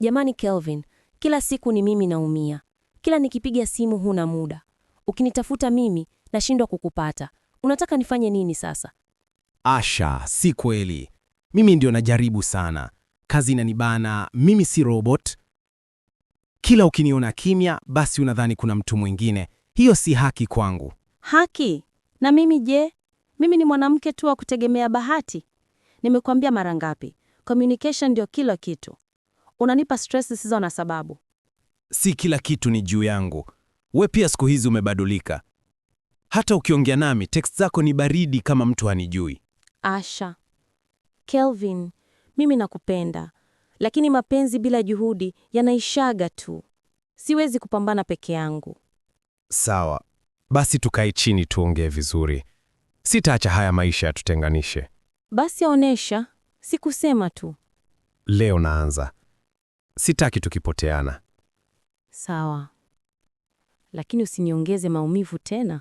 Jamani Kelvin, kila siku ni mimi naumia. Kila nikipiga simu huna muda. Ukinitafuta mimi nashindwa kukupata. Unataka nifanye nini sasa? Asha, si kweli. Mimi ndio najaribu sana. Kazi inanibana, mimi si robot. Kila ukiniona kimya, basi unadhani kuna mtu mwingine. Hiyo si haki kwangu. Haki? Na mimi je? Mimi ni mwanamke tu wa kutegemea bahati. Nimekwambia mara ngapi, communication ndio kila kitu. Unanipa stress zisizo na sababu. Si kila kitu ni juu yangu. We pia siku hizi umebadilika. Hata ukiongea nami text zako ni baridi kama mtu hanijui. Asha Kelvin, mimi nakupenda, lakini mapenzi bila juhudi yanaishaga tu. Siwezi kupambana peke yangu. Sawa basi, tukae chini tuongee vizuri. Sitaacha haya maisha yatutenganishe. Basi aonesha, sikusema tu. Leo naanza. Sitaki tukipoteana. Sawa, lakini usiniongeze maumivu tena.